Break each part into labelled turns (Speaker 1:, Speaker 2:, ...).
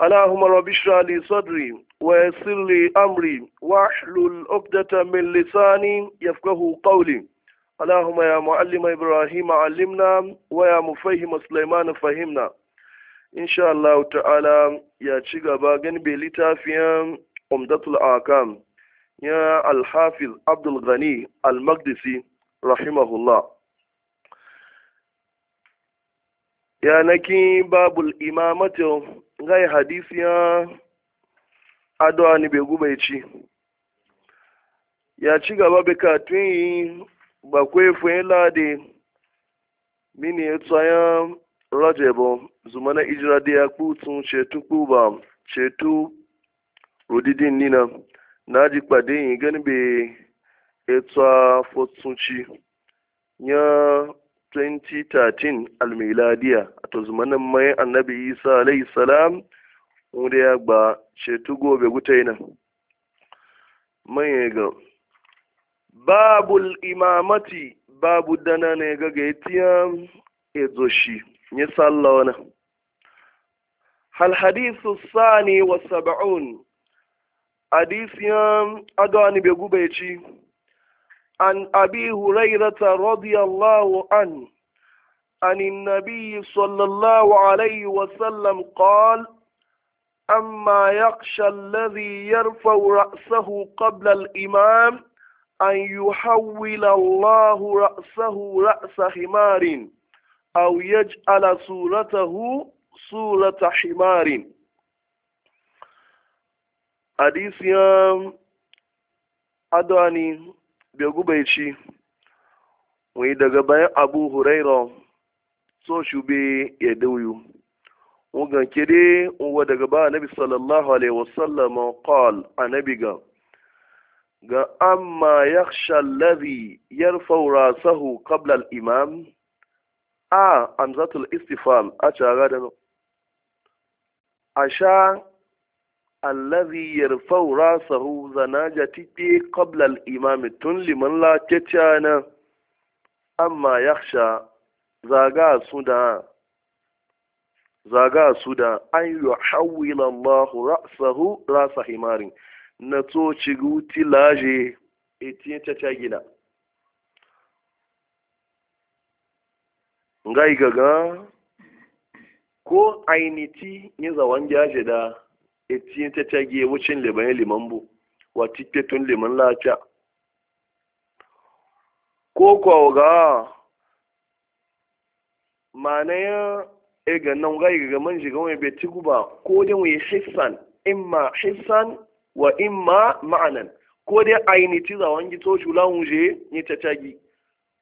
Speaker 1: Allahumma rabbi li sadri wa yassir amri wa ahlul min lisani yafqahu qawli. Allahumma ya muallima Ibrahim allimna wa ya mufahhima Sulaiman fahimna. Insha Allah ta'ala ya ci gaba gani bai litafiyan Umdatul Akam ya Al-Hafiz Abdul Ghani Al-Maqdisi rahimahullah. yanaki babul imamatu ngai hadisi ya adwa ni beguba ichi ya ci gaba be katun ba kwe fuen lade mini tsaya rajebo zumana ijira da ya kutun chetu kpuba chetu rodidin nina na ji pade yin gani be etsa fotunci ya 2013 almiladiya a tuzmanin mai annabi isa alayhi salam wanda ya gba shetu gobe gutaina manyan ga babul imamati babu dana ne ga gaitiya ezoshi ya salla wani hal hadisu sani wa saba'un hadisiyan ni bai ci. عن أبي هريرة رضي الله عنه عن النبي صلى الله عليه وسلم قال أما يخشى الذي يرفع رأسه قبل الإمام أن يحول الله رأسه رأس حمار أو يجعل صورته صورة حمار حديث يا أدواني bai gubaici wai daga bayan abu huraira so shube ya dauyu wugan kede uwa daga ba nabi sallallahu alaihi wasallam qal anabi ga ga amma yakhsha alladhi yarfa'u rasahu qabla al-imam a amzatul istifal a cara da a sha allazi yarfau rasahu zanajati bi qabla al-imam tun liman la tatana amma yakhsha zaga suda zaga suda an yuhawwila Allahu ra'sahu rasa himarin na to ciguti laje etin tata gida ngai gaga ko ainiti ni zawan jaje da eti ta tage wucin liman ya liman bu wa tiketun liman lafiya ko kwa ga mana ya e ga nan ga ga man shiga wani bai ci ba ko dai wani hissan imma hissan wa imma ma'anan ko dai aini ti za wangi to shula wuje ni ta tagi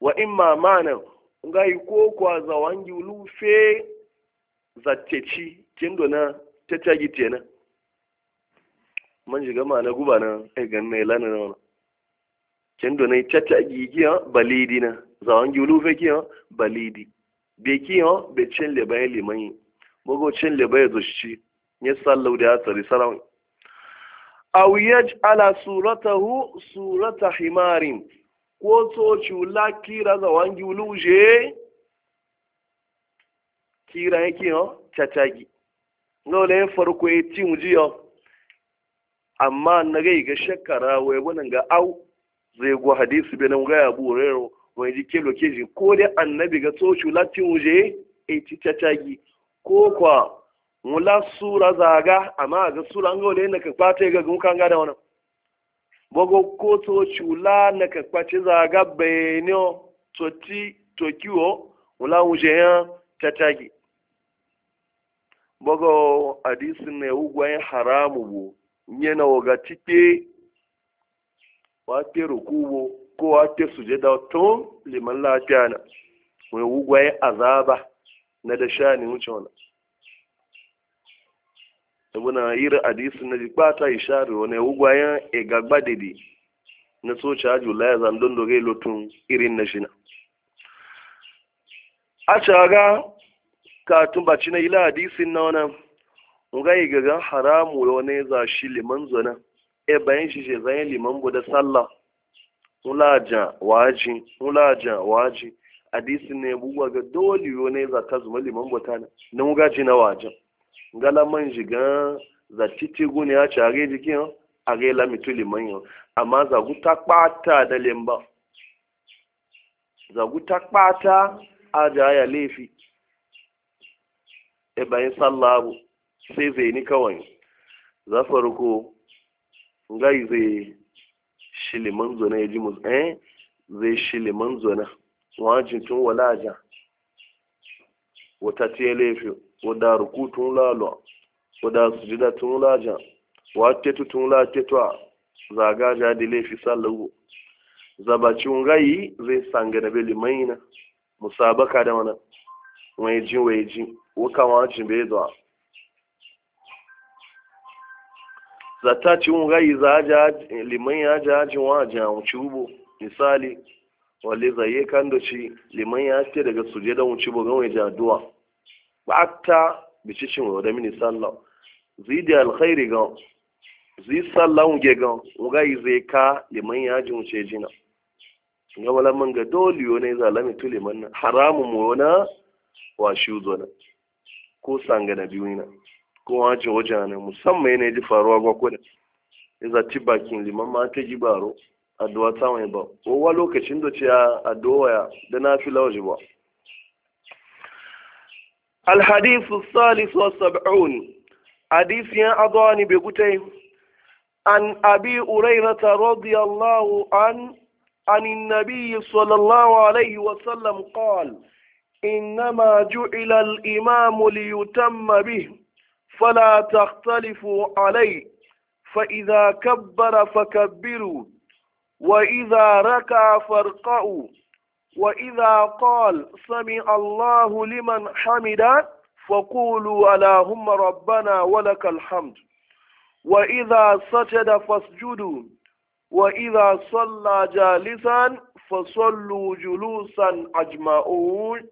Speaker 1: wa imma ma'anan ga ko kwa za wangi lufe zatteci kin dona ta tagi kenan man shiga ma na guba na ai gan na ilana na wana ken do nay tata gigiya balidi na zawan gulu fe kiyo balidi be kiyo be cin le baye le mai bogo chen le baye do shi ne sallau da tsari sarau aw yaj'ala suratahu surata himarin ko to chula kira zawan giulu je kira yake yo no le farko e ji jiyo amma na gai ga shakara wai wannan ga au zai go hadisi bai nan gaya bu rero wai ji kelo keji ko dai annabi ga tsoci latin wuje e ti tatagi ko kwa mula sura zaga amma ga sura ga wani na ka kwata ga gun kanga da wannan bogo ko tsoci la na ka kwace zaga be ne toti tokiwo mula wuje ya tatagi bogo hadisin ne ugwayen haramu bu yana waga cike wate rukubo ko wate sujada tun liman lafiya na mai wugwaye azaba na da sha ne wuce wani abuna yiri hadisi na jikpata ishari wani wugwaye egagba dede na socha ajula ya zandon doge lotun irin na shina a caga ka tumbaci na ila hadisi na wani ngai gagan haramu wani za shi liman zana e bayan shi je zan liman bu da sallah ulaja waji ulaja waji hadisi ne buwa ga dole wani za ta zuma liman bu ta na muga na wajen ngala man ji ga za titi gune ya ci are jikin are la liman yo amma za guta kpata da lemba za guta kpata aja ya lefi e bayan sallah bu sai zaini kawai za farko ngai zai shiliman zona ya ji musu eh zai shiliman zona wajin tun walaja wata ce laifi wadda rukutun lalo wadda sujida tun laja wata tun latetwa ga ja da laifi sallawo zabacin Ngai zai sanga da beli maina musabaka da wani wajin wajin wakawa jin bai zuwa zata un gai za ja liman ya ja ji wa ja un ubo misali wale zaye kan da ci liman ya ce daga suje da un ci bo gawe ja duwa ba ta bici cin wa da mini sallah zi da alkhairi ga zi sallah un ge ga un gai zai ka liman ya ji un ce jina ga wala man ga dole yo ne zalami tu liman haramu mu na wa shi zona ko sanga na biyu na kowa ce wajen musamman yana ji faruwa ga kudu iza bakin liman ma ta ji baro addu'a ta mai ba lokacin da ce addu'a ya da na fi lawaji ba الحديث الثالث والسبعون ya يا أضاني بقتين عن أبي هريرة رضي الله عنه عن النبي صلى الله عليه وسلم قال إنما جعل الإمام ليتم به فلا تختلفوا عليه فإذا كبر فكبروا وإذا ركع فارقعوا وإذا قال سمع الله لمن حمدا فقولوا اللهم ربنا ولك الحمد وإذا سجد فاسجدوا وإذا صلى جالسا فصلوا جلوسا أجمعون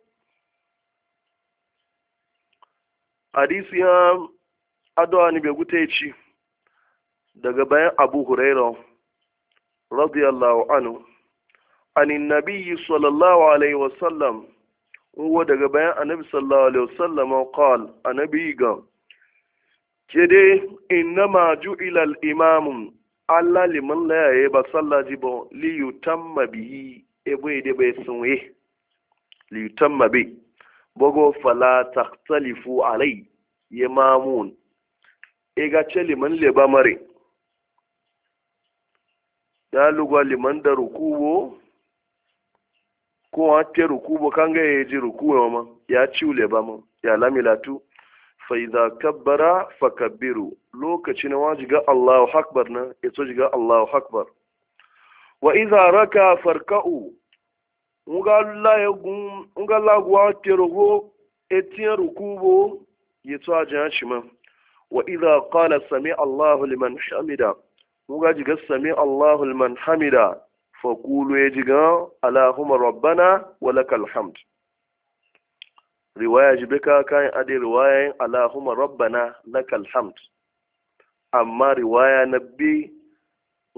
Speaker 1: حديث adawa ni bai gute ci daga bayan abu huraira radiyallahu anhu anin nabiyyi sallallahu alaihi wasallam wa daga bayan annabi sallallahu alaihi wasallam qal annabi ga ke dai innama ju'ila al-imam Allah liman la yaye ba sallaji ba li yutamma bihi e bai dai bai e sunwe li yutamma bi bogo fala tahtalifu alai ya mamun ega ce liman leba mare ya lugwa liman da rukubo ko hake rukubo kan ga ya ji rukuwa ma ya ci leba ma ya lamilatu faiza kabbara fa kabbiru lokaci na waji ga Allahu akbar na ya so ga Allahu akbar wa iza raka farka'u nga la yagun nga ya gwa tero go etien rukubo yeto ajan shima wa idha qala sami Allahu liman hamida muga jiga sami Allahu liman hamida fa qulu ya jiga Allahumma rabbana wa lakal hamd riwaya jibika kan adi riwaya Allahumma rabbana lakal hamd amma riwaya nabi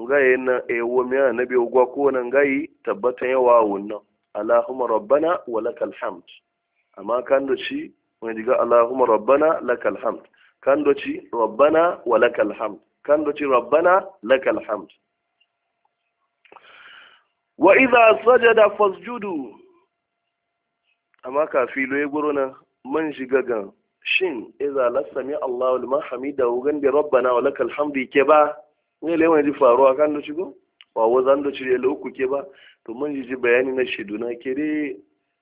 Speaker 1: ngaye na ewo eh, mi nabi ugwa ko nan gayi tabbata yawa wannan Allahumma rabbana wa lakal hamd amma kan da shi wani diga Allahumma rabbana lakal hamd Kandoci doci rabbana wa lakal hamd kan doci rabbana lakal hamd wa idza sajada fasjudu amma kafi loye na man shiga gan shin idza lasami Allahu liman hamidahu gan bi rabbana wa lakal hamd ke ba ne le wani faruwa kan doci go wa wazan ci le uku ke ba to man ji bayani na shiduna ke dai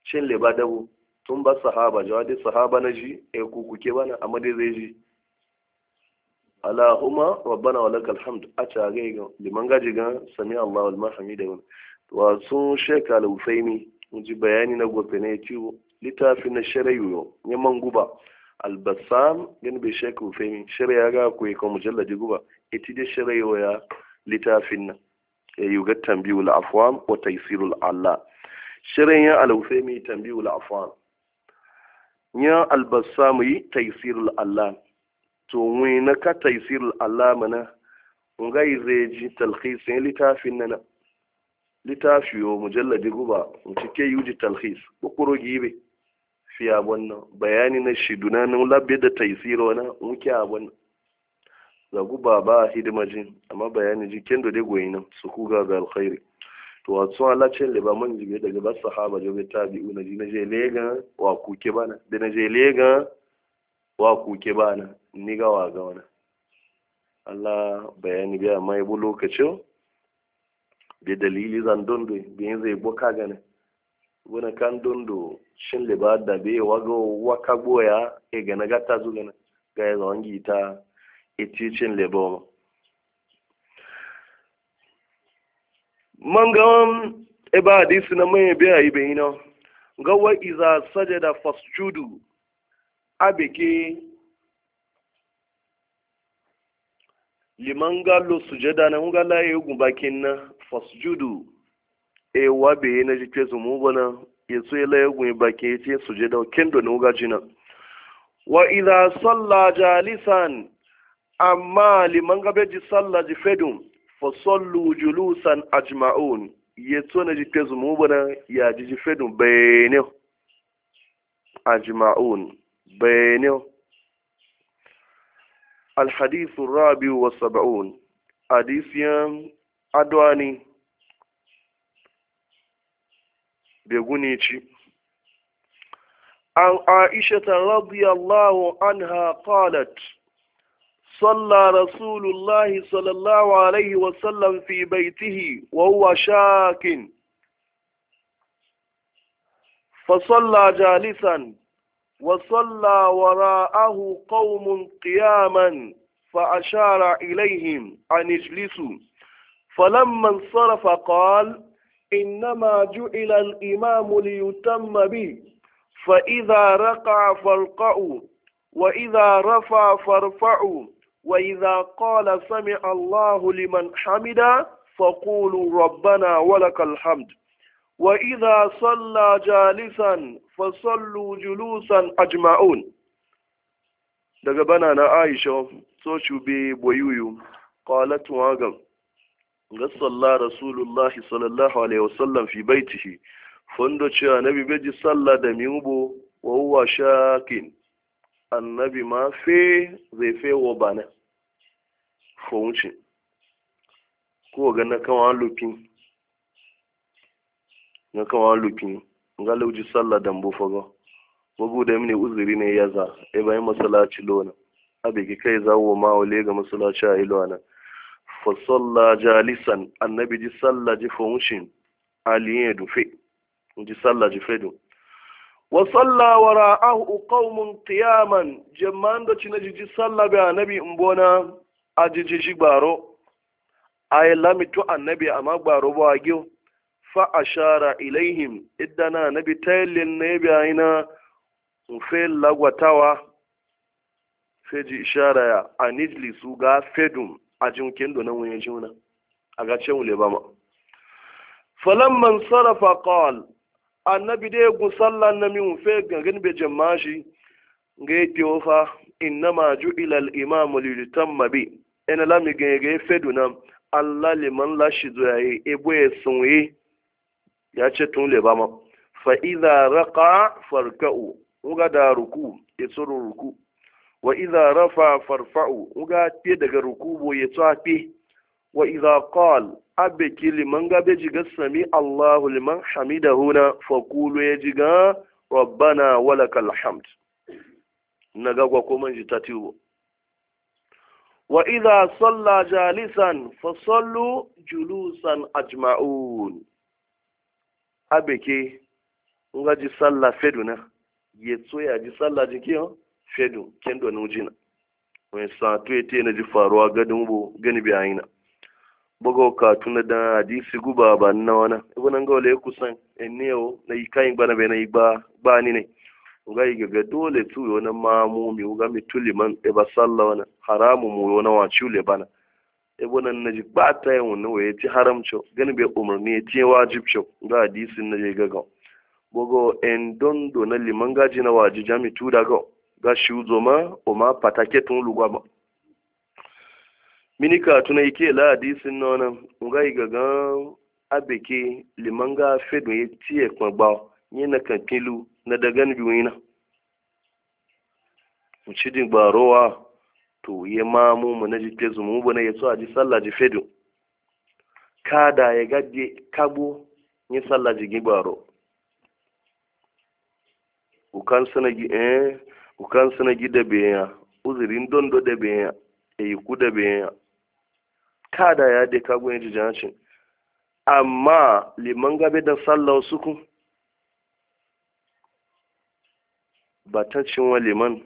Speaker 1: shin le ba dabo tun ba sahaba jawadi sahaba na ji e eh, kuku ke bana amma dai zai ji Allahumma rabbana wa lakal hamd a tare ga liman gaji ga sami Allah wal mahami da wani wa sun sheka al ufaimi ji bayani na gobe ne ciwo littafin na sharayu ya man guba albasam bassam yan bai sheka ufaimi shari'a ga ku ka mujalladi guba ita dai sharayu ya littafin nan ya yi ga tambiyul afwan wa taysirul Allah shirin ya al-usaimi tambiyul afwan ya al yi taysirul Allah to wani na ka taisir alama na ngai zai ji ne litafin na litafi yo mujalladi guba cike yuji talhis kukuro gibe fi abon nan bayani na shiduna na labbe da taisir wani muke abon za guba ba hidimajin amma bayani ji kendo da goyi nan su kuga ga alkhairi to a Allah ce da ba man jibe daga ba sahaba jobe tabi'u na ji na je lega wa kuke bana da na je lega wa kuke ba na ni ga wa ga wani Allah bayani biya mai bu lokacin da dalili zan dondo biyan zai boka gane wani kan dondo shin liba da bai wago waka goya e gana gata zu gana ga ya zawon gita e iticin liba ma man gawan eba hadisi na mai biya yi bayi na gawa iza sajada fasjudu abeke liman gallo sujada na muga laye gumbakin na fasjudu e wa wabe na jike su mugona ya tsoye laye gumbaki ya ce sujada kendo na muga jina wa idha salla jalisan amma liman gabe ji salla ji fedum fasallu julusan ajma'un ya tso na jike su mugona ya ji ji fedum bayanin ajma'un بينه الحديث الرابع والسبعون حديث أدواني بيغونيتشي عن عائشة رضي الله عنها قالت صلى رسول الله صلى الله عليه وسلم في بيته وهو شاك فصلى جالسا وصلى وراءه قوم قياما فأشار إليهم أن اجلسوا فلما انصرف قال إنما جعل الإمام ليتم به فإذا رقع فارقعوا وإذا رفع فارفعوا وإذا قال سمع الله لمن حمدا فقولوا ربنا ولك الحمد وإذا صلى جالسا fasallu julusan ajma'un daga bana na aisha so cube boyuyu qalat wa ga salla rasulullah sallallahu alaihi wasallam fi baitihi fondo ce annabi beji salla da miubo wa huwa shakin annabi ma fe zai fe wa bana fonci ko ga na kawan lupin na kawan lupin nga lauji sallah dambu fago wagu da mini uzuri ne ya za e bayan masallaci lona abe ki kai zawo ma wale ga masallaci a ilwana fa salla jalisan annabi ji sallah ji function aliye dufe ji sallah ji fedu wa salla wara'ahu qaumun qiyaman jama'an da ci naji ji sallah ga annabi mbona ajiji shi gbaro ay lamitu annabi amma gbaro ba agiyo fa ashara ilaihim idana na bitayilin na bi aina fe lagwatawa feji ji ishara ya a nijli su ga fedum a jinkin donan wani juna a gace wule ba ma falamman sarrafa kawal annabi dai gun sallan na min fe gangan be jamashi ga yake ofa innama ma ju imam li yutamma bi ina lami ga ga fedu na Allah liman lashi zuwa yi ebo ya sunwe ya ce tun leba ma fa raka farka'u uga da ruku yasuru ruku wa idza rafa farfa'u uga te daga ruku bo yatsa te wa idza qal abeki liman gabe jiga sami Allahu liman hamidahu huna fa ya jiga rabbana wala hamd Na gwa ko man jita tiwo wa iza salla jalisan fasallu julusan ajma'un abeke nga ji salla fedu na ye ya ji salla ji kiyo fedu kendo na ujina wani satu ya na ji faruwa gadin bu gani bi na. bugo ka tuna da hadisi guba ba na wana ibu nan gawale kusan eneo na ikayin bana bai na igba ba ni ne nga yi ga dole tu yo na mamu mi uga mi tuliman e ba sallah wana haramu mu yo na wa chule bana ibunan na ba ta yin wani waye ci haramcin gani bai umarni ya ce wajibcin ga hadisin na je gagan bogo en dondo na liman gaji na waji jami tu daga ga shi zoma o ma patake tun lugwa ba mini ka tuna ike la hadisin na wani ga yi gagan abeke liman ga fedun ya ci ya kuma ba yi na kankilu na dagan biyu yi na. Mucidin ba rowa to ye mamu mu na jipe zumu mu na aji sallah ji fedu kada ya gaje kabo ni sallah ji gibaro ukan sana gi eh ukan sana gi da beya uzirin dondo da beya e ku da ya kada ya de kabo ni jancin amma liman gabe da sallah suku batacin wa liman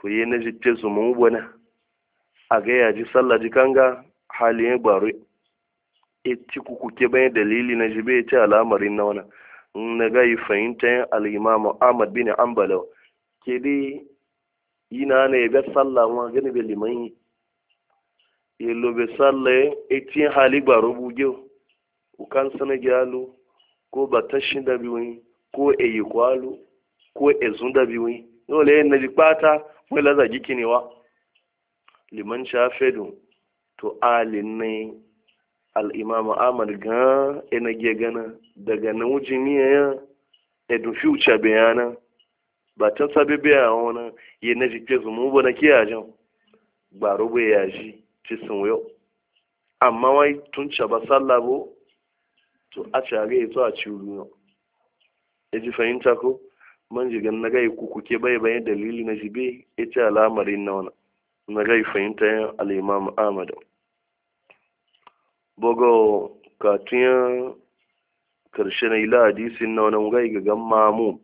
Speaker 1: to yi na jite su mun wani a ga yaji sallah ji kanga hali ya gbaru e ci kuku ke bayan dalili na jibe ya ci al'amarin na wani na ga yi fahimta al'imamu ahmad bin ambalawa ke dai yi na na ya ga sallah ma gani bai liman yi ya lobe sallah ya e ci hali gbaru bugewa ukan sana gyalu ko batashin da biyu ko eyi kwalu ko ezun da biyu ne ole na ji kpata wala zagi wa. liman shafedu to alin ne al'imamu amal ga ina ge gana daga na wujiniya ya edu fiuca bayana ba ta sabi biya wani yi na jike zumu ba na kiyajen gbaro ya ji ci sun yau amma wai tun ba sallah bo to a cage to a ciwo ya e ji fahimta ko man jigan na gai kuku ke bai bayan dalili na jibe ya ce alamarin na wani na gai fahimta yin al'imam ahmad bugo katiyan karshe na ila hadisin na wani gai ga gan mamu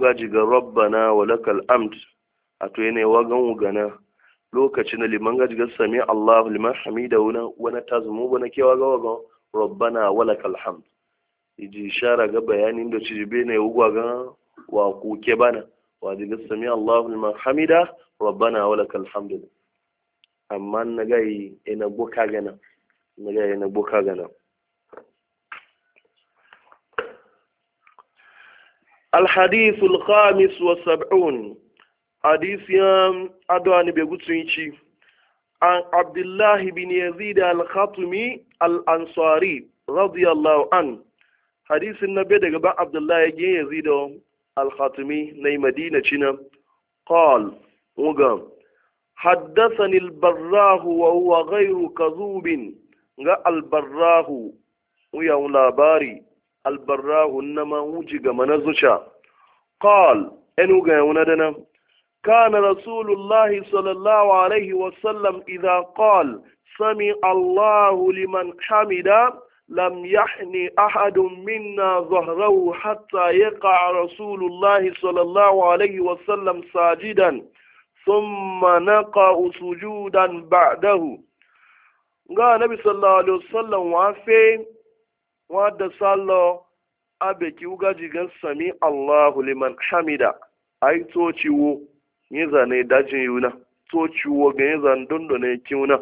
Speaker 1: ga jigan rabbana wa lakal amd a to yana yawa gan wugana lokacin na liman ga jigan sami allah liman hamida wani tazumu wani kewa ga wagan rabbana wa lakal amt iji shara ga bayanin da ci be ne ugwa ga wa kuke bana wa diga sami Allah liman hamida rabbana wa lakal hamdu amma na gai ina boka gana na gai ina boka gana الحديث الخامس والسبعون حديث يام أدوان بيغوتسينشي عن عبد الله بن يزيد الخطمي الأنصاري رضي الله عنه hadisin na bai da gaban abdullahi ya yanzu da al-khatimi na madina cina qal muga haddathani al-barrahu wa huwa ghayru kadhubin ga al-barrahu labari al na ma wuji ga manazuca qal enu ga yana dana كان رسول الله صلى الله عليه وسلم idan قال sami الله لمن حمده لم يحن أحد منا ظهره حتى يقع رسول الله صلى الله عليه وسلم ساجدا ثم نقع سجودا بعده ga nabi sallallahu alaihi wasallam wa fe wa da sallo abe ki uga jigan sami Allahu liman hamida ai to ciwo ni zane dajin yuna to ciwo ga ni zan dondo ne kiuna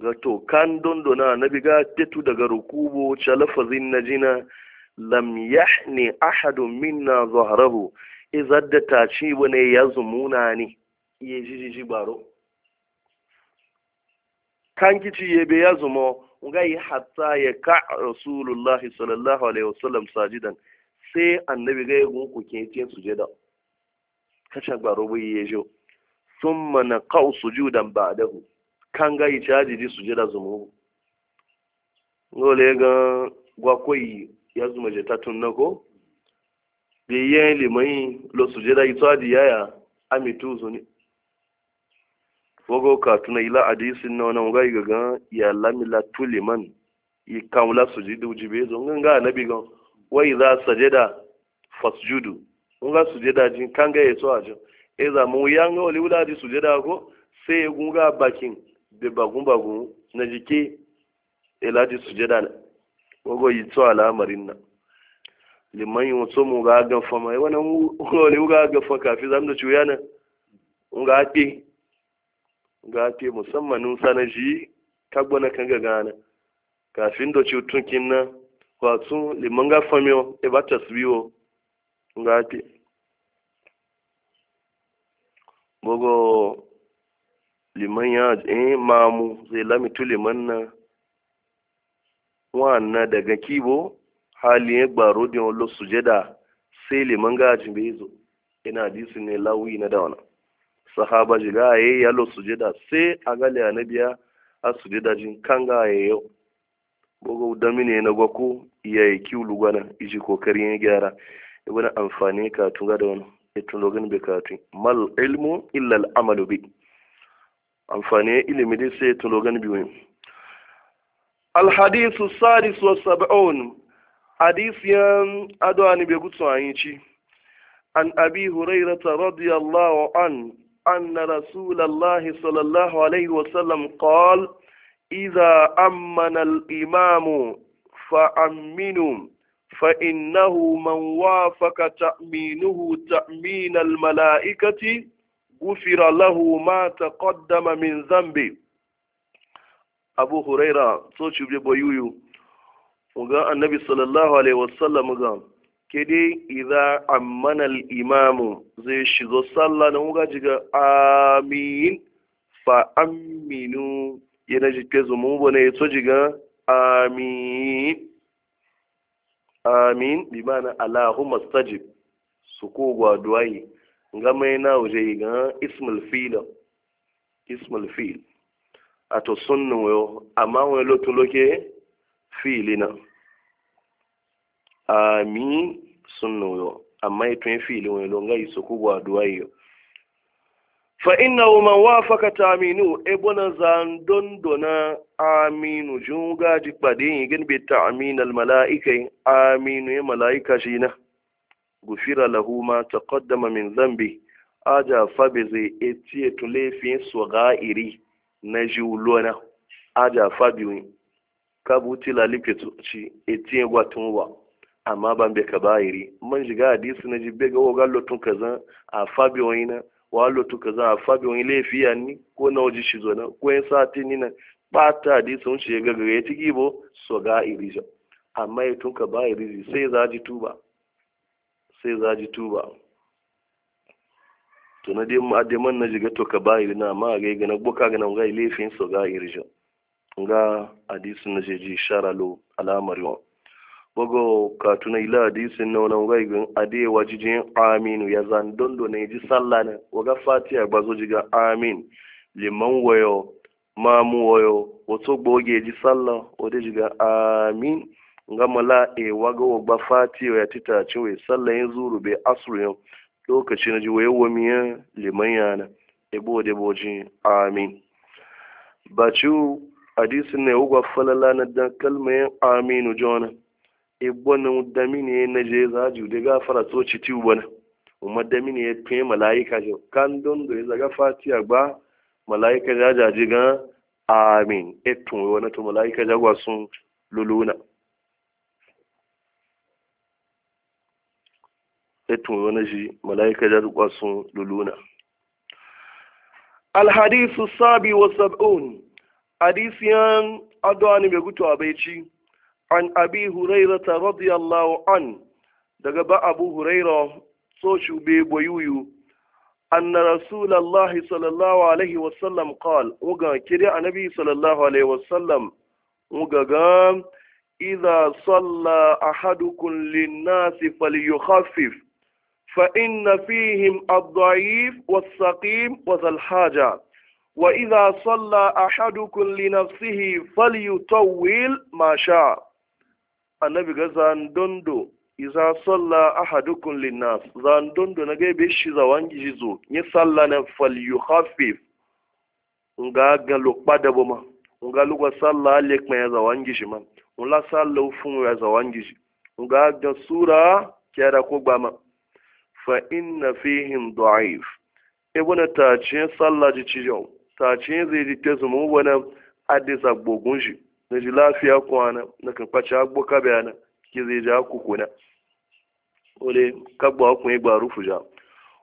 Speaker 1: ga to kan dondona na biga tetu daga Rukubu ce lafazin na jina lam yahni ahadun minna zahrahu izar da ta ci wani ya zumuna ne iya jijiji baro kan kici ya be ya zumo ngai hatta ya ka rasulullahi sallallahu alaihi wasallam sajidan sai annabi ga yagun ku ke ce sujada kacha baro bai yejo summa na qausu judan ba'dahu kanga yi caji di suje da zumu ngole ga gwakwai ya zuma je ta tun nako bi le mai lo suje da itaji yaya amitu zuni fogo ka tuna ila adisin na wannan ga ga ya lamila tuliman yi kamula sujudu be zo nganga nabi ga wa idza sajada fasjudu nga da jin kanga yeso ajo eza mu yanga oli uladi sujeda ko sai gunga bakin be bagun bagun na jike ilaji sujada na wago yi to al'amarin na liman yi wato mu ga gafa mai wani wani ga gafa kafin zamu da cuya na ga ake ga ake musamman nusa na ji kagbo na kan gagana kafin da cutun kin na wato liman gafa mai e ba ta subiwo ga ake bogo liman ya eh mamu zai lamitu liman na wannan daga kibo Hali ya gbaro da wani sujada sai liman gajin bai zo ina su ne lawi na dawana sahaba ji ga yayi eh, yalo sujada sai a gali biya a da jin kan ga yi eh yau bogo da mine na gwako iya yi kiwu gwana, iji kokarin ya gyara ibn amfani ka ga da wani itun login bi ka tun mal ilmu illa al amalu bi amfani ilimi dai sai tulogan biyu alhadisu sadis wa sab'un hadisiyan bai gutsu an ci an abi hurairata radiyallahu an أن رسول الله صلى الله عليه وسلم قال fa أمن الإمام فأمنوا فإنه من وافق تأمينه تأمين mala'ikati. غفر ma ta تقدم من ذنبه abu huraira so ci bi boyuyu ga annabi sallallahu alaihi wasallam ga ke dai idza ammana al imam zai shigo sallah na muga jiga amin fa aminu yana jike zumu bane so jiga amin amin bi mana allahumma stajib su ko gwa duwayi nga mai na waje ga ismul fil ismul fil ato sunnu yo amma wani lotu loke na, ami sunnu yo amma ito yin fili wani longa iso kubwa aduwa iyo fa inna man wafaka taminu ebona zandon dona aminu junga jikpadi yin gin bi ta'min al mala'ika aminu ya mala'ika shina gufira lahuma ta taqaddama min dhanbi aja fabizi etie tulefin swagairi na jiulona aja fabiwi kabuti la lipetu ci etie gwatunwa amma ban be kabairi man jiga hadisi na jibbe ga woga lotun kaza a fabiwi na wa lotun kaza a fabiwi lefiya ni ko na waje shi zona ko yin sati ni na bata hadisi sun ce gaga ya ci gibo swagairi amma ya tunka bayiri sai za ji tuba sai za ji tuba to na dai ade na jiga to ka bayi na ma ga ga na boka ga na ga lefin so ga irjo nga hadisin na je ji shara lo alamar yo bogo ka tuna ila hadisin na wannan ga ga ade wajijin aminu ya zan dondo ne ji sallah ne waga fatiha bazo jiga amin liman wayo mamu wayo wato gboge ji sallah wade jiga amin nga mala e waga wa ba fati ya tita ci wai e sallan zuru be asru yau lokaci na ji waye wa miya liman yana ebo da boji amin ba ci hadisi ne wugwa falala na dan kalmayin aminu jona e bonu damini na je de ga fara so ci tiwu bona umar damini ya fiye mala'ika jo kan don da ya zaga fatiya ba mala'ika jajaji ga amin etun wani to mala'ika jagwa sun luluna etun wani shi mala'ika da kwasun luluna alhadisu sabi wa sab'un hadisiyan adwani mai gutu a baici an abi hurairata radiyallahu an daga ba abu huraira so shube boyuyu أن رسول الله صلى الله عليه وسلم قال وقا كده النبي صلى الله عليه وسلم وقا إذا صلى أحدكم للناس فليخفف فإن فيهم الضعيف والسقيم وذا الحاجة وإذا صلى أحدكم لنفسه فليطول ما شاء النبي قال زاندوندو إذا صلى أحدكم للناس زاندوندو نجيب بيشي زوانجي جيزو يصلى فليخفف nga ga lokpa da boma nga lugwa salla lek ma ya zawangi shi man nga salla ufun ya zawangi shi nga ga fa inna fihim da'if ibn tace sallah ji cijo tace zai ji ta zuma wani adisa gbogun na ji lafiya kwana na kan kwace agboka bayana ki zai ja kukuna ole kagbo akun igba rufu ja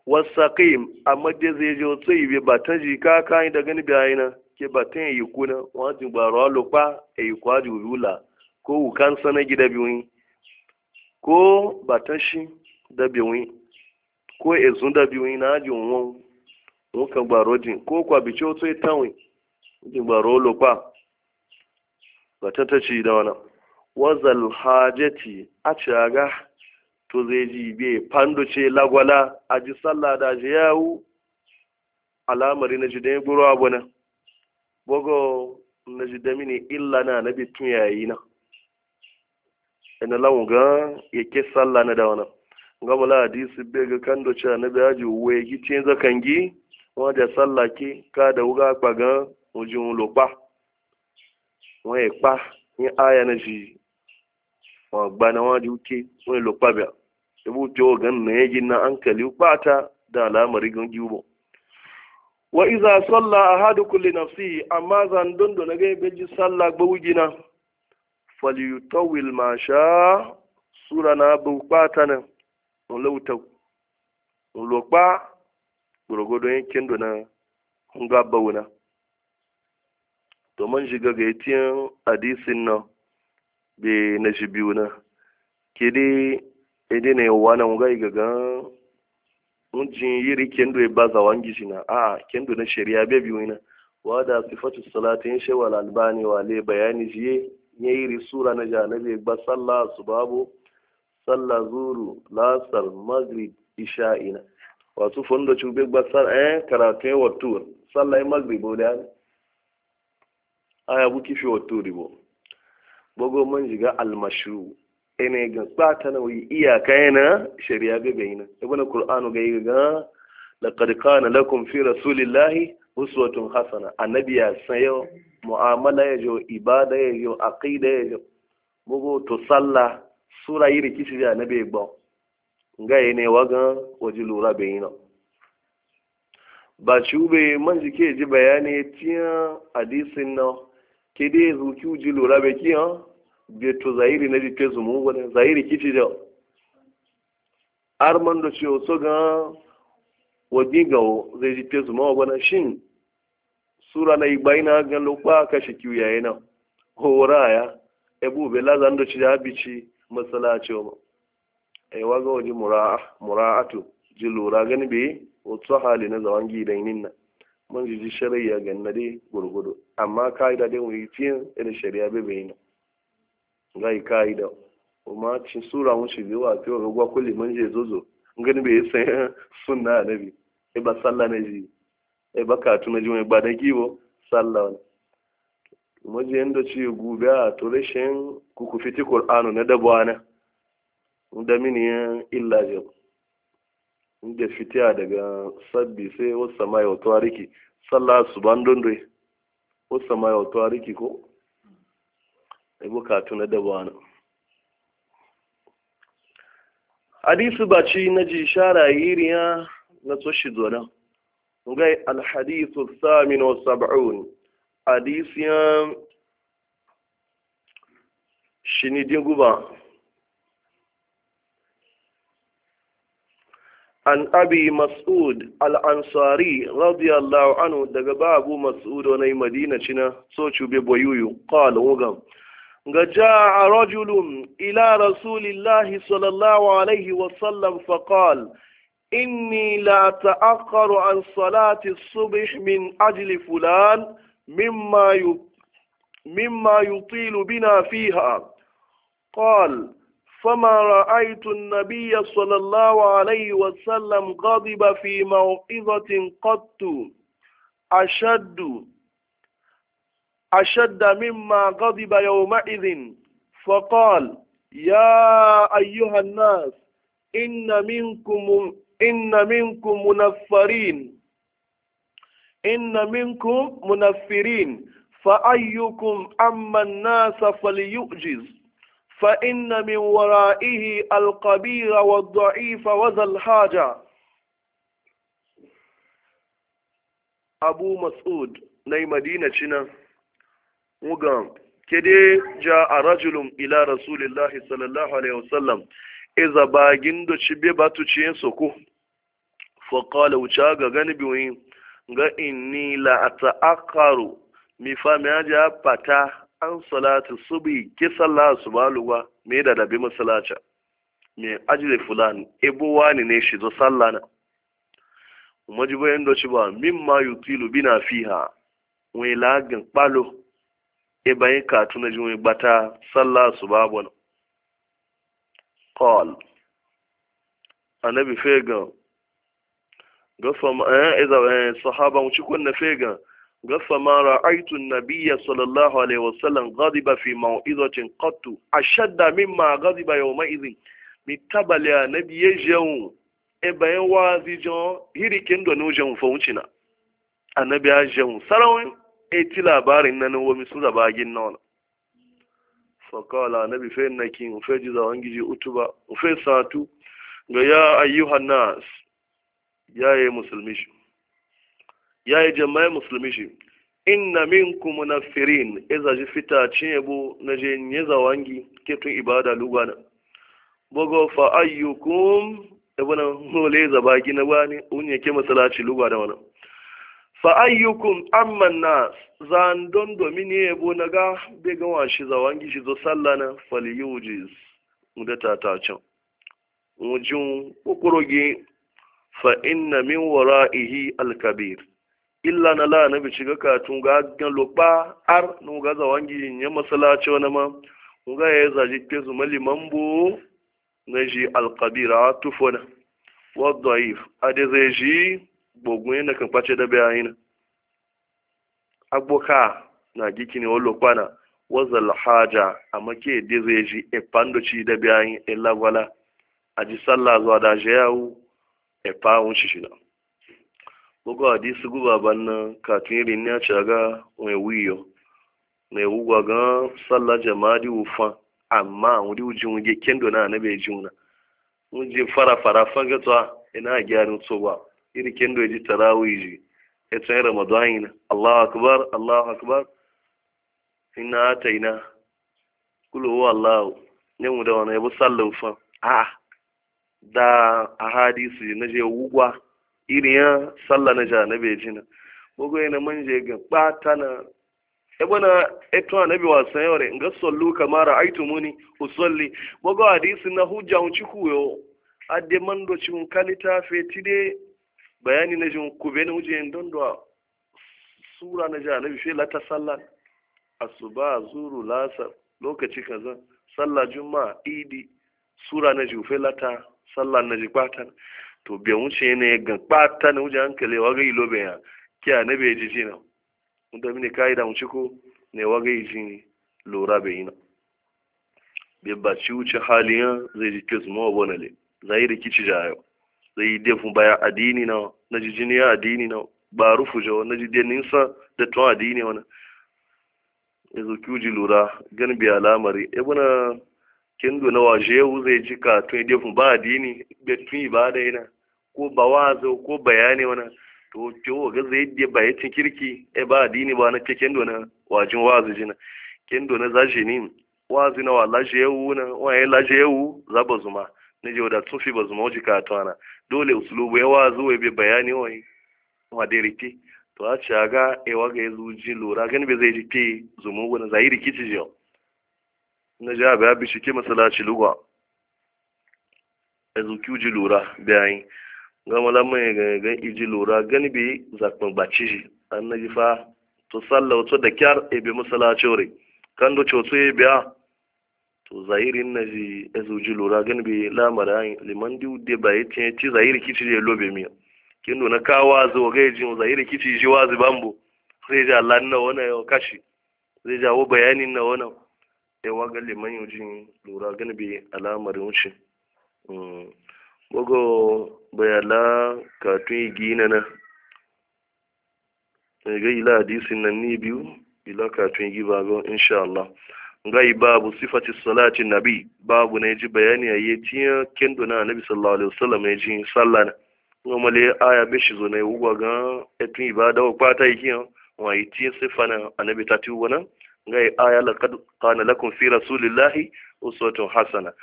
Speaker 1: wasaqim amma dai zai je wato yi ba ji ka kan da gani bayana ke batan ta yi kuna wani ba ro lokpa e yi kwa ji ulula wukan sana gida biyu ko ba shi da ko ezun da biyu na ji won won kan gbaro ko kwa bi cho sai tawi jin gbaro lo kwa bata ta ci da wannan wazal hajati a caga to zai ji be pando ce lagwala a ji sallah da ji yawo alamari na jide dai guru abu na bogo na ji mini illa na na bitun yayi na ina lawun ga yake sallah na da wannan gama la hadisi be ga kando cha na be aji we gi tin kangi wa da sallaki ka da wuga pa gan ojun lo pa won e pa ni aya na ji won gba na wa di uke won e lo pa be e bu to gan na yi e na ankali ta da alamari gan giwo wa iza salla ahadu kulli nafsi amma zan dondo na ga e be ji salla gbawujina falyutawil ma sha sura na bu kwata nan nlauta lokpa gwargwado yankin da na hunga bauna to man shiga ga yatiyan hadisin nan bai na shi biyu na ke dai ede na yawa na hunga igaga unjin yiri kendo ya baza wangi shi na a kendo na shari'a bai biyu na wada sifatu salatin shawal albani wa le bayani shi yayi sura na janabe ba sallah su babu sallah zuru lasar ina isha'ina wasu fundo cube gbasar eh karatu ya watur sallah magrib o dan aya buki fi waturi bo bogo man jiga almashu ene ga tsata na wi iya kaina shari'a ga gaina ibn qur'anu ga ga laqad kana lakum fi rasulillahi uswatun hasana annabi ya sayo mu'amala ya jo ibada ya jo aqida ya jo bogo to sallah sura yi rikici da na bai gbọ́ nga yi ne wagan waje lura bai yi na ba shi ube man jike ji bayani tiya hadisin na ke dai zuki uji lura bai kiyan bai to zahiri na jike zumu wani zahiri kici da arman da ce wasu ga wajen gawo zai jike zumu wani shin sura na igba ina gan lokpa kashi kiwu yayi na horaya ebe ube lazan da ci da abici matsalaci ba ai eh, waga waje mura'atu ji lura gani bai wasu hali na zaman gidan yin mun ji ji shari'a ganna dai gurgudu amma ka'ida dai mu yi tiyan irin shari'a bai bai nan ga yi ka'ida kuma cin sura mun shi biyu a fiye ga gwa kulli mun je zozo gani bai san sunna na e ba sallah na ji e ba katu na ji wani ba da gibo sallah wani majiyan da ce gube a turishin kuku fiti ƙul'anu na dabuwa na da miniyan illa inda da fitiya daga sabbi sai wasu mai wato riki tsalla su ban dondoi wasu mai wato riki ko da bukatu na dabuwa na hadisu ba ci na ji shara yiriya na tsoshi zona ngai alhadisu samin wasu sab'un hadisiyan shinidin guba an abi mas'ud al'ansari radiyallahu anhu daga babu mas'ud wani madina cina so cube boyuyu kala wugan ga ja'a rajulun ila rasulillahi sallallahu alaihi wasallam faqal inni la ta'aqqaru an salati subh min ajli fulan مما مما يطيل بنا فيها قال فما رأيت النبي صلى الله عليه وسلم غضب في موعظة قط أشد أشد مما غضب يومئذ فقال يا أيها الناس إن منكم إن منكم منفرين inna minkum munaffirin fa ayyukum amma an-nasa falyu'jiz fa inna wara'ihi al-kabira wad-da'ifa wa haja Abu Mas'ud na Madina cina mugan kede ja a rajulun ila rasulillahi sallallahu alaihi wasallam iza bagin da ci be batu ciyen soko fa qala wuce ga gani biyoyin ga inni la ta'akkaru mi fa mi aja pata an salatu subi ki sallah subhaluwa me da dabi masalacha me ajire fulan ebo wani ne shi zo sallah na umajibo yendo shi ba mimma yutilu bina fiha we lagin palo e bayin katuna jin gbata bata sallah subhaluwa qal anabi fegan gafama eh iza eh, sahaba mu cikon na fega gafama ra'aitu nabiyya sallallahu alaihi wasallam ghadiba fi mau'izatin qattu ashadda mimma ghadiba yawma idhin mitabala anabi yejeun e bayan wazi jon hirikin da nujen faucina annabi ya jeun sarawin e ti labarin nan wo mi su da bagin nan fakala annabi fe nakin fe jiza wangiji utuba fe satu ga ya ayyuhan nas yaye musulmi shi yaye jama'i musulmi shi inna minkum munafirin iza ji fita cinye bu na je nye zawangi ke ibada lugana bogo fa ayyukum bana mole za ba gina wani unye ke masalaci lugana wana fa ayyukum amma nas zan don domini ebo na ga be ga wa shi za shi zo sallana falyujiz mudata ta can mujun kokoro fa inna min wara'ihi alkabir illa na la na bi shiga katun ga gan ar nu ga za wangi nya masalaci wani ma nga ya zaji ke zuma liman bo na ji alkabira tufona wa da'if ade zai ji gbogun yana kan kwace da bayanin agboka na gikini wa lokpa na wazal haja amma ke de zai ji e pando ci da bayanin e lagwala a ji sallah zuwa da e pawun shi shi na bugu hadisi guba banna katun irin ne a caga mai wiyo mai wugwa ga sallah jama'a di wufa amma wudi wujin wuge kendo na na bai ji wuna wujin fara fara fanga to ina gyarin to ba iri kendo ji e tarawih ji ya tsaye ramadan ina allahu akbar allahu akbar ina ataina kulu huwa allah ne mu da wani ya e bi sallah wufa a'a ah, da a hadisi na je wugwa irin sallah na ja na bejina bugu na manje ga ɓata na ebona eto anabi wasan yore nga sallu kama ra'aytu muni usalli bugu hadisi na hujja un cikuyo adde mando ci kalita fetide bayani na jin kubeni uje don do sura na ja anabi fe lata sallah asuba zuru lasa lokaci kaza sallah juma'a idi sura na jufe lata sallah na ji to bai wuce ne ga kwata na wuce hankali wa ga ilo bayan kiya na bai ji jina wanda mini kai da wuce ko ne wa ga ji lura bai na bai ba ci wuce haliyan zai ji kisu mawa bonale zai rikici jayo zai defu bayan adini na na ji jiniya adini na ba rufu jawo na ji deninsa da tun adini wani ya zo ki lura ganin bi alamari ibuna kendo na waje shehu zai ji ka tun da fun ba dini da tun da yana ko ba wazo ko bayani wana to ke wo ga zai da ba yacin kirki e ba dini ba na kendo na wajin wazo jina kendo na zaje ni wazo na wala shehu na wa ya e la za ba zuma ne je da fi ba zuma oji ka to ana dole uslubu ya wazo ya be bayani wai wa da e, to a ci ga e wa ga ya zuji lura gani bai zai riki zumu wani zai rikici jiyo na ja ba bi masala masalaci lugwa a zuki uji lura bayan ga malamai ga ga iji lura gani bi zakon bace shi an na fa to salla wato da kyar ebe masala ore kan do coto ya e biya to zahiri na ji a ji lura gani bi lamara liman diu de ba ya ci zahiri kici ya lobe miya kin na wazi wa gaji ji zahiri kici shi wazi bambo zai ja lanna na wannan kashi zai wa bayanin na wannan ewa ga liman yujin lura gani bi alamar wuce ka mm. bayala katun gina na ga ila hadisin nan ni biyu ila katun gi ba ga insha Allah gai babu sifati salati nabi babu ne bayani a tiya kendo na nabi sallallahu alaihi wasallam ji sallah na kuma aya be shi zo ne ga etun ibada yi kiyan wa yi sifana ngay aya la kad qana lakum fi rasulillahi uswatun hasana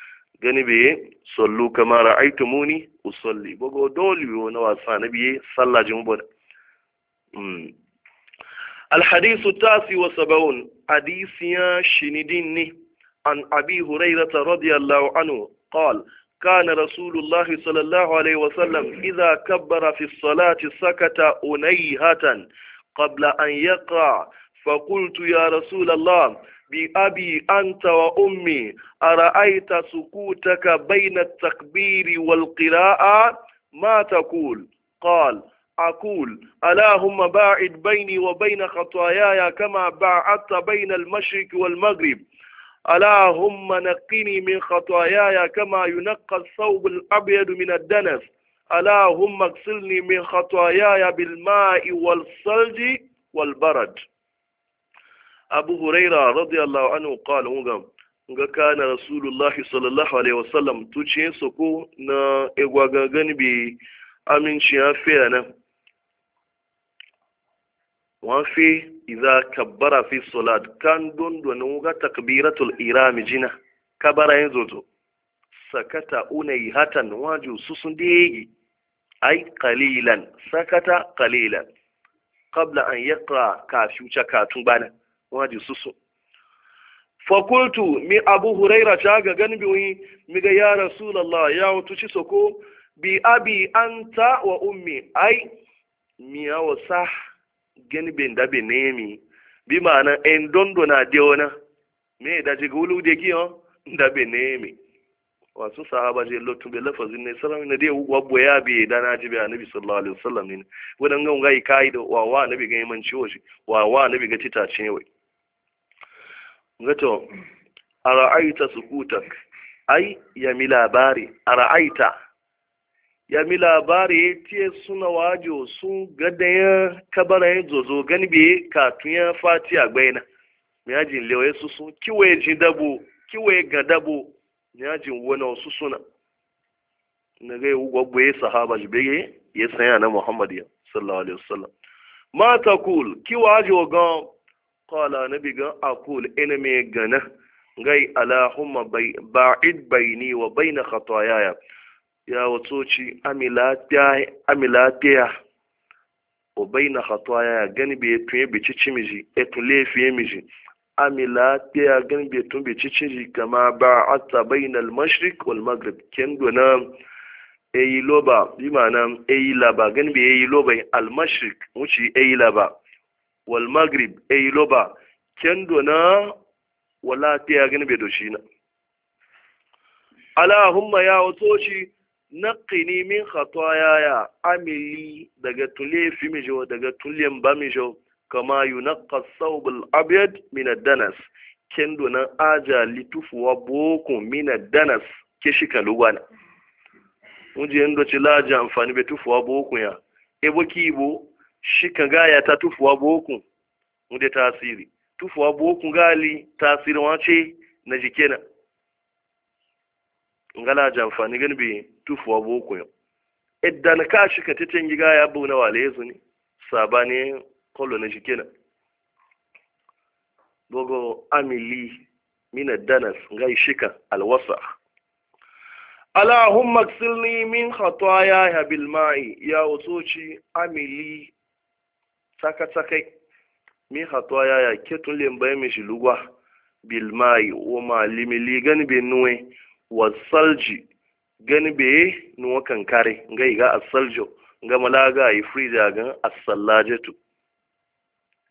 Speaker 1: gani biye sallu kama ra'aytumuni usalli bogo doli wo na wasa na biye sallah jumbo mm الحديث التاسع والسبعون حديث شنديني عن أبي هريرة رضي الله عنه قال كان رسول الله صلى الله عليه وسلم إذا كبر في الصلاة سكت أنيهة قبل أن يقع فقلت يا رسول الله بأبي أنت وأمي أرأيت سكوتك بين التكبير والقراءة ما تقول قال أقول اللهم باعد بيني وبين خطاياي كما باعدت بين المشرق والمغرب اللهم نقني من خطاياي كما ينقى الثوب الأبيض من الدنس اللهم اغسلني من خطاياي بالماء والثلج والبرد abu huraira radiyallahu anhu qala unga ga kana rasulullahi sallallahu alaihi wasallam tuce su ko na gangan bi aminci ya fiya nan fi idza kabbara fi salat kan don na ga takbiratul irami jina kabara yin zozo sakata unai hatan waju susun degi ai qalilan sakata qalilan qabla an yaqra ka shuca katun bana waji suso fakultu mi abu huraira ta ga ganbiwi mi ga ya rasulallah ya wutu ci soko bi abi anta wa ummi ai mi ya wasa ganibin da bi nemi bi ma'ana en dondo na deona me da ji gulu de giyo da bi nemi wasu sahaba je lotun be lafazin ne salam ne dai wabbo ya bi da na ji be anabi sallallahu alaihi wasallam ne wadan ga ngai kai da wa wa annabi ga yiman shi wa wa annabi ga titace wai gato a ra'aita sukutak ai ya mi labari a ra'aita ya mi labari ya ce suna wajo sun gada ya kabara ya zozo gani bai katun ya fati a gbaina yajin lewaye su sun kiwaye ji dabo kiwaye ga dabo yajin wani wasu suna na ga yi gwagwa ya sahaba shi bege ya sanya na muhammad ya sallallahu alaihi wasallam mata kul kiwa ajo gan kala na bigan akul ina mai gana gai alahumma ba'id baini wa baina khatayaya ya wato ci amilatiya wa baina khatayaya gani bai tunye bici cimiji etun lefiye miji amilatiya gani bai tun bici cimiji kama ba'atta baina al-mashriq wal maghrib ken gona eyi loba bi ma'ana eyi laba gani bai eyi loba al-mashriq wuce eyi laba wal maghrib e loba kendo na wala tiya gani bai doshi na allahumma ya wato shi naqini min ya amili daga tule fi mijo daga tullen ba mijo kama yunaqqa thawb al-abyad min ad-danas kendo na aja litufuwa boko min ad-danas ke shika lugwana unje ndo ci amfani be tufuwa boko ya ebo bo. shika gaya ta tufuwa boku mude tasiri tufuwa boku gali tasiri wace na jikena ngala jamfani gani bi tufuwa boku yau idan ka shika ta tangi gaya bu na wale yanzu ne sabani kolo na jikena bogo amili mina danas ngai shika alwasa Allahumma ksilni min khataya bil ma'i ya wasoci amili tsaka-tsakai mi hatuwa ya ya ketun lembaye mishi lugwa bilmai wa malimili gani be nuwe wa salji gani be nuwa kankare nga iga asaljo nga malaga yi frida ga asallajetu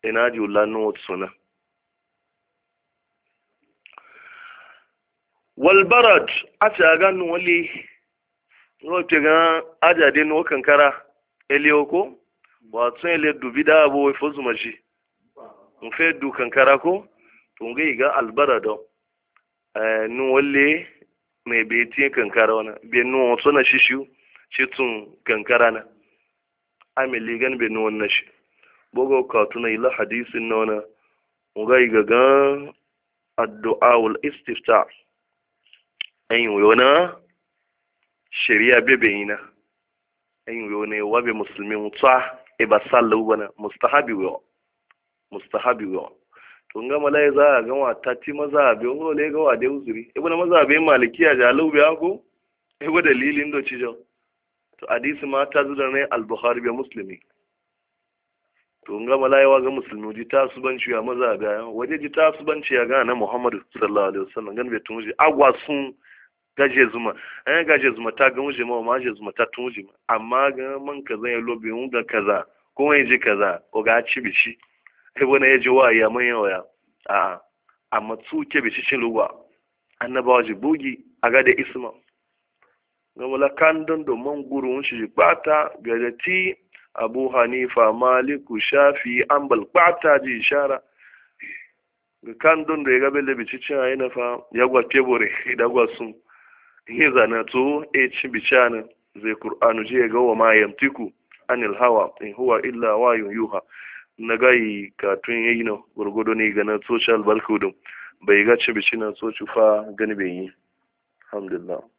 Speaker 1: ina ji ula nuwa suna walbarad a ci aga nuwa li nuwa ce ga ajade nuwa kankara elioko ba tun ile dubi da abu wai e fusu mashi in fe du kankara ko tun ga iga albara don eh, nun walle mai bai tiye kankara wani bai nun wasu na shi shiu shi tun kankara na amili gan bai nun wani shi bogo ka tuna ila hadisin na wani ga iga gan addu'a wal istifta ayin wani shari'a bebe yi na ayin wani wabe musulmi mutuwa e ba sallu bana mustahabi wa mustahabi wa to nga malai za ga wa tati mazabe ngo le ga wa de uzuri ibn bana mazabe malikiya ja lubi ako e ba dalilin do cijo to hadisi ma ta zuda ne al-bukhari bi muslimi to nga malai wa ga muslimu ji ta subanci ya mazabe waje ji ta subanci ya ga na muhammadu sallallahu alaihi wasallam gan be agwa agwasun gaje zuma eh gaje zuma ta ga muje ma ma zuma ta tun muje amma ga man kaza ya lobe mun ga kaza ko ya ji kaza o ga ci bici e wani ya ji wa ya mun ya a amma su ke bici cin lugwa annabawa ji bugi a gada isma ga mulakan don domin gurun shi ji bata ga da ti abu hanifa maliku shafi ambal bata ji shara ga kan don da ya gabe da bici cin a yi nafa ya gwa tebore da gwa sun hiza na to e cin bicana zai kur'anu je ga wa ma yamtiku anil hawa in huwa illa wayun yuha na gai katun yayi e na gurgudu ne ga na social barkudum bai ga cin na so fa gani bai yi alhamdulillah